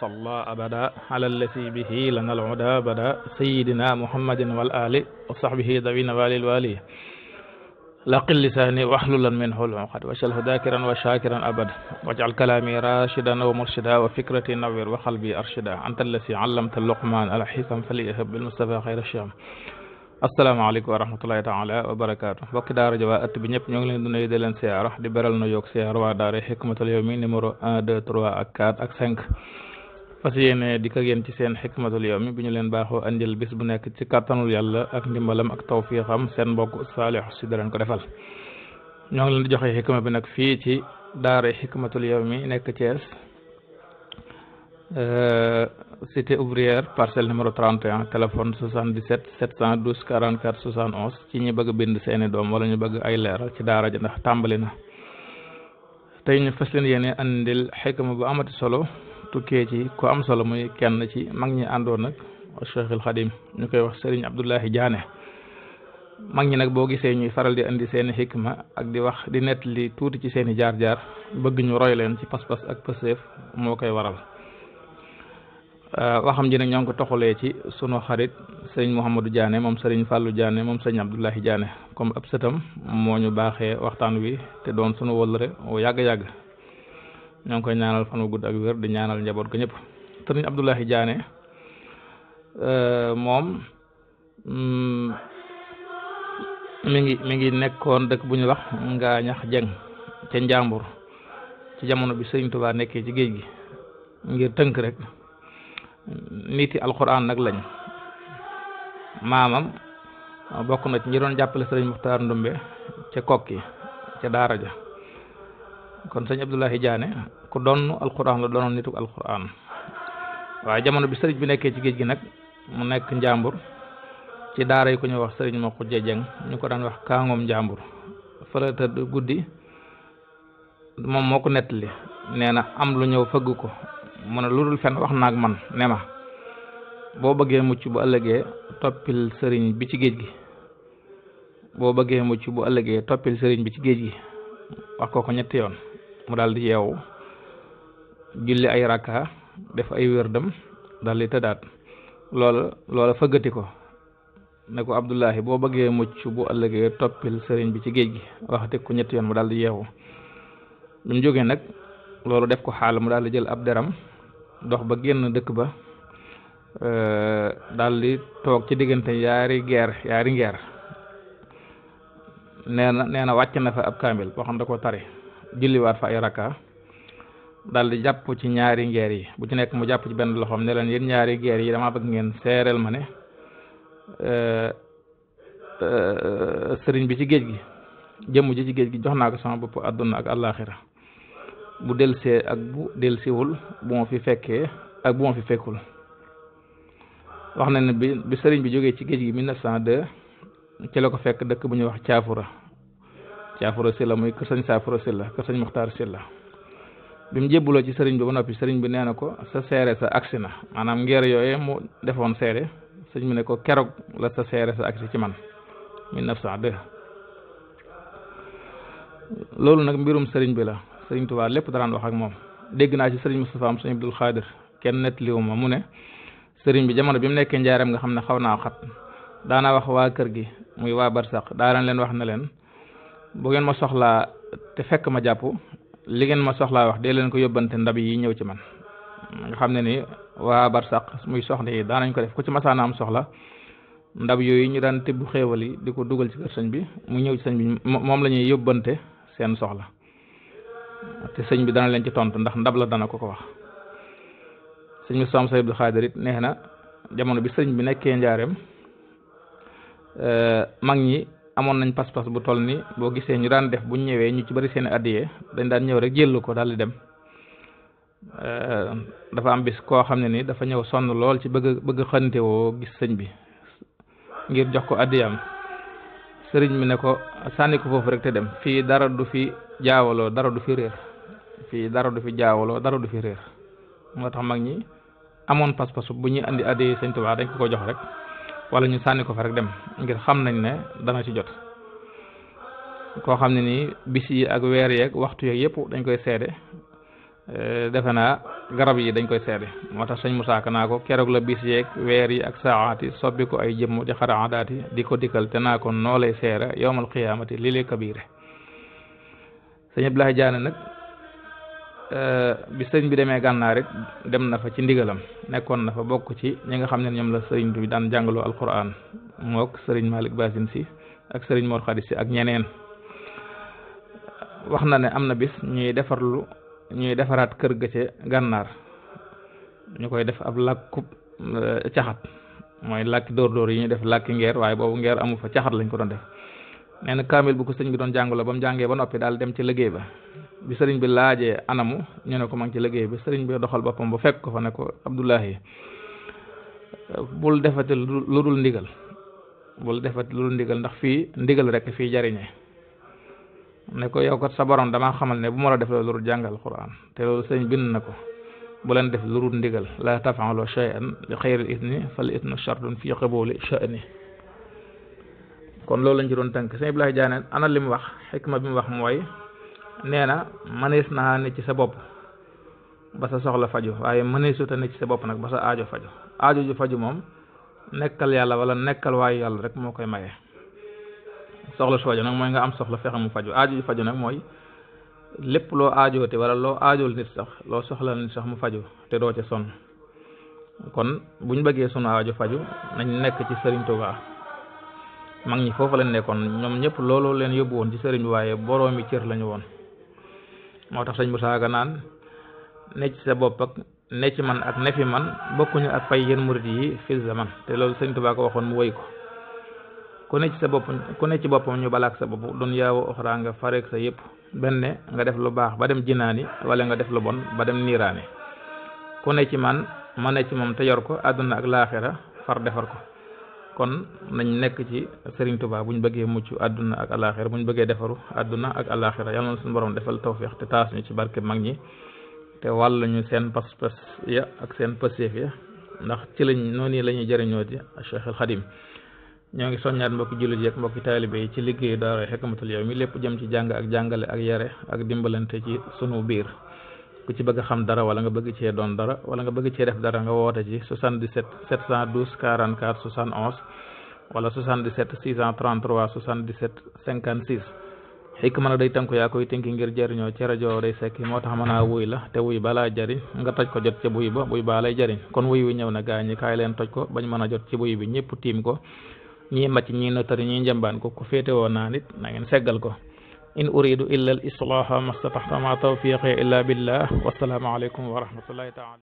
salla abada ala allati bihi lana alhuda abada sayidina muhammadin wal ali wa sahbihi dawina walil wali laqil lisani wahlulan minhu al-uqad waj'alhu dhakiran wa shakiran abada waj'al kalami rashidan wa murshida wa fikrati nawwir wa qalbi arshida anta allati 'allamta luqman al-hikam faliyahab bil mustafa khayra sham asalaamaaleykum wa rahmatullahi taala wa barakaatu mbokki daara ja waa ëtt bi ñëpp ñoo ngi leen di nuyu di leen siyaara di beral nu yoog siyaar waa daara Hikmatul Yawmi numéro un deux trois ak quatre ak cinq fas yéene di ko yéen ci seen xikmatul yawmi bi ñu leen baaxoo andil bis bu nekk ci kàttanul yàlla ak ndimbalam ak tawfiixam seen mbokk Saliou Sy da leen ko defal ñoo ngi leen di joxe xikma bi nag fii ci daara xikmatul yawmi nekk Thiès euh, cité ouvrière parcelle numéro 31 téléphone 77 712 44 71 ci ñi bëgg bind seeni doom wala ñu bëgg ay leeral ci daara ji ndax tàmbali na tey ñu fas leen yéene andil xikma bu amati solo tukkee ci ku am solo muy kenn ci mag ñi àndoon nag Cheikhul Xadim ñu koy wax Serigne Abdoulahi jaane mag ñi nag boo gisee ñuy faral di indi seeni xikma ak di wax di nettali tuuti ci seeni jaar-jaar bëgg ñu roy leen ci pas-pas ak pëseef moo koy waral euh, waxam ji nag ñoo ngi ko toxalee ci sunu xarit sëriñ Mouhamadou jaane moom sëriñ Fallou Diané moom sëriñ Abdoulahi jaane comme ab sëtam moo ñu baaxee waxtaan wi te doon sunu wëllëre yàgg-yàgg ñoo ngi koy ñaanal fan wu gudd ak wér di ñaanal njaboot ko ñëpp sëriñ Abdoulahi Diané euh, moom mm, mi ngi mi ngi nekkoon dëkk bu ñu wax Ngaañax Jeng ca Njàmbur ci jamono bi sëriñ waa nekkee ci géej gi ngir tënk rek niti alquran nag lañ maamam bokk na ci ñi doon jàppale sëriñ Muxtaar Ndumbe ca kokki ca daara kon sëñ Abdoulahi Diané ku doon alquran la doonoon nitu alquran waaye jamono bi sëriñ bi nekkee ci géej gi nag mu nekk njàmbur ci daara yi ku ñuy wax sëriñ moo ko jeng ñu ko daan wax kaangoom njàmbur fële tëdd guddi moom moo ko nettali nee na am lu ñëw fëgg ko mu ne lu dul fen wax naag man ne ma boo bëggee mucc bu ëllëgee toppil sëriñ bi ci géej gi boo bëggee mucc bu ëllëgee toppil sëriñ bi ci géej gi wax ko ko ñetti yoon mu daal di yeewu julli ay rakka def ay wérdam dem daldi tëddaat loola loola fëggati ko ne ko Abdullahi boo bëggee mucc bu ëllëgee toppil sëriñ bi ci géej gi waxati ko ñetti yoon mu daal di yeewu bi mu jógee nag loolu def ko xaal mu daal di jël ab deram dox ba génn dëkk ba eh, daldi toog ci diggante yaari geer yaari ngeer nee na nee na wàcc na fa ab kaamil boo xam da ko tari julliwaat fa ay rakka daal di jàpp ci ñaari ngeer yi bu ci nekk mu jàpp ci benn loxoom ne leen ñaari ngeer yi dama bëgg ngeen seereel ma ne eh, eh, sëriñ bi ci géej gi jëmm ji ci géej gi jox naa ko sama bopp àdduna ak àllaaxira bu delsee ak bu delsiwul bu ma fi fekkee ak bu ma fi fekkul wax na ne bi sëriñ bi jógee ci géej gi 1902 ci la ko fekk dëkk bu ñuy wax caafura Caafara Sylla muy kër sëñ Saafara Sylla kër sëñ Muxtaar Sylla bi mu jébbuloo ci sëriñ bi ba noppi sëriñ bi nee na ko sa seere sa agsi na maanaam ngeer yooye mu defoon seere sëñ bi ne ko keroog la sa seere sa agsi ci man 1902 loolu nag bi la sëriñ Tuubaa lépp daraan wax moom dégg naa ci sëñ Abdul Xaadir kenn ma mu ne sëriñ bi jamono bi mu nekkee njaareem nga xam ne xaw naa xat daana wax waa kër gi muy waa barsaq daa leen wax na bu ngeen ma soxlaa te fekk ma jàpp li ngeen ma soxlaa wax dee leen ko yóbbante ndab yi ñëw ci man nga xam ne ni waa barsaq muy soxna yi daanañ ko def ku ci masaana am soxla ndab yooyu ñu daan tibb xéewal yi di ko dugal ci kër sëñ bi mu ñëw ci sëñ bi moom la yóbbante seen soxla te sëñ bi dana leen ci tontu ndax ndab la dana ko ko wax sëñ bi Sam Abdou Khadir it neex na jamono bi sëñ bi nekkee njaareem eh, mag ñi amoon nañ pas-pas bu toll nii boo gisee ñu daan def bu ñu ñëwee ñu ci bari seen addiyee dañ daan ñëw rek jël ko daal di dem euh, dafa am bis koo xam ne ni dafa ñëw sonn lool ci bëgg bëgg xante gis sëñ bi ngir jox ko addiyam sëriñ mi ne ko sànni ko foofu rek te dem fii dara du fi jaawaloo dara du fi réer fii dara du fi jaawaloo dara du fi réer moo tax mag ñi amoon pas-pas bu ñuy indi addiyee sëñ Tuubaa dañ ko ko jox rek wala ñu sànni ko fa rek dem ngir xam nañ ne dana ci jot koo xam ne nii bis yi ak weer yeeg waxtu yeeg yëpp dañ koy seede eh, defe naa garab yi dañ koy seede moo tax sañ Musaa Ka naa ko keroog la bis yeeg weer yi ak saaxaati sobbi ko ay jëmm di xaraadaati di ko dikkal te naa ko noo lay seere yowmal xiyaamati lii lay kabiire sëñ Abdoulaye Diané nag Euh, bi sëriñ bi demee gànnaar it dem na fa ci ndigalam nekkoon na fa bokk ci ñi nga xam ne ñoom la sëriñ bi daan jàngaloo alquran mook sëriñ Malick Basine si ak sëriñ Mor si ak ñeneen wax na ne am na bis ñuy defarlu ñuy defaraat kër ga ca gànnaar ñu koy def ab làkku euh, caxat mooy làkki dóor dóor yi ñuy def làkki ngeer waaye boobu ngeer amu fa caxat lañ ko doon def neen kaamil bu ko sëñ bi doon jàngu la ba mu jàngee ba noppi daal dem ci liggéey ba bi sëriñ bi laajee anamu ñu ne ko ma ci liggéey bi sëriñ bi doxal boppam bu fekk ko fa ne ko Abdullahi bul defati lu dul ndigal bul defati lu dul ndigal ndax fii ndigal rek fii jariñe ne ko yow kat sa borom damaa xamal ne bu ma la def loolu jàngal Qur'an te loolu sëñ bind na ko bu leen def lu dul ndigal la taf'alu shay'an li xayril isni fal isnu shartun fi qabuli kon loolu lañ ci doon tënk sëñ Ibrahima Diané ana li mu wax xikma bi mu wax mooy nee na mënees naa ne ci sa bopp ba sa soxla faju waaye mëneesuta ne ci sa bopp nag ba aajo faju aajo faju moom nekkal yàlla wala nekkal waayu yàlla rek moo koy maye soxla su nag mooy nga am soxla fexe mu faju aajo ju faju nag mooy lépp loo aajoote wala loo aajool nit sax loo soxla nit sax mu faju te doo ca sonn kon buñ bëggee sunu aajo faju nañ nekk ci Sëriñ Tuubaa mag ñi foofu lañ nekkoon ñoom ñëpp loolu leen yóbbu woon ci sëriñ bi waaye boroomi cër lañu woon moo tax sëñ Moussa Ka naan ne ci sa bopp ak ne man ak ne man bokkuñu ak pay yéen murit yi fii zaman te loolu sañ Tuubaa ko waxoon mu woy ko ku ne sa bopp ku ne ci boppam ñu balaak sa bopp doon yaawu nga fareek sa yëpp benn nga def lu baax ba dem jinaani wala nga def lu bon ba dem niiraani ku ne ci man ma ne ci moom te yor ko àdduna ak laaxira far defar ko kon nañ nekk ci Serigne bu ñu bëggee mucc àdduna ak bu ñu bëggee defaru àdduna ak alaxira yàlla na suñu borom defal tawféex te taas ñu ci barke mag ñi te wàll ñu seen pas-pas ya ak seen pëseef ya ndax ci lañ noonu la ñuy jëriñooti Cheikh al Xadim ñoo ngi soññaat mbokki jullit yi ak mbokki taalibe yi ci liggéeyu daara Hikmatul Yawmi lépp jëm ci jàng ak jàngale ak yare ak dimbalante ci sunu biir ku ci bëgg xam dara wala nga bëgg cee doon dara wala nga bëgg cee def dara nga woote ci 77 712 44 71 wala 77 633 77 56 xikma nag day tënku yaa koy tënki ngir jëriñoo ci rajo day sekki moo tax mën a wuy la te wuy balaa jëriñ nga toj ko jot ci buy ba buy baa lay jëriñ kon wuy wi ñëw na gaa kaay leen toj ko bañ mën a jot ci buy bi ñëpp tiim ko in uridu illa al islaha mastataxta ma tawfiqi illa billah wassalaamu aleykum wa rahmatullahi taala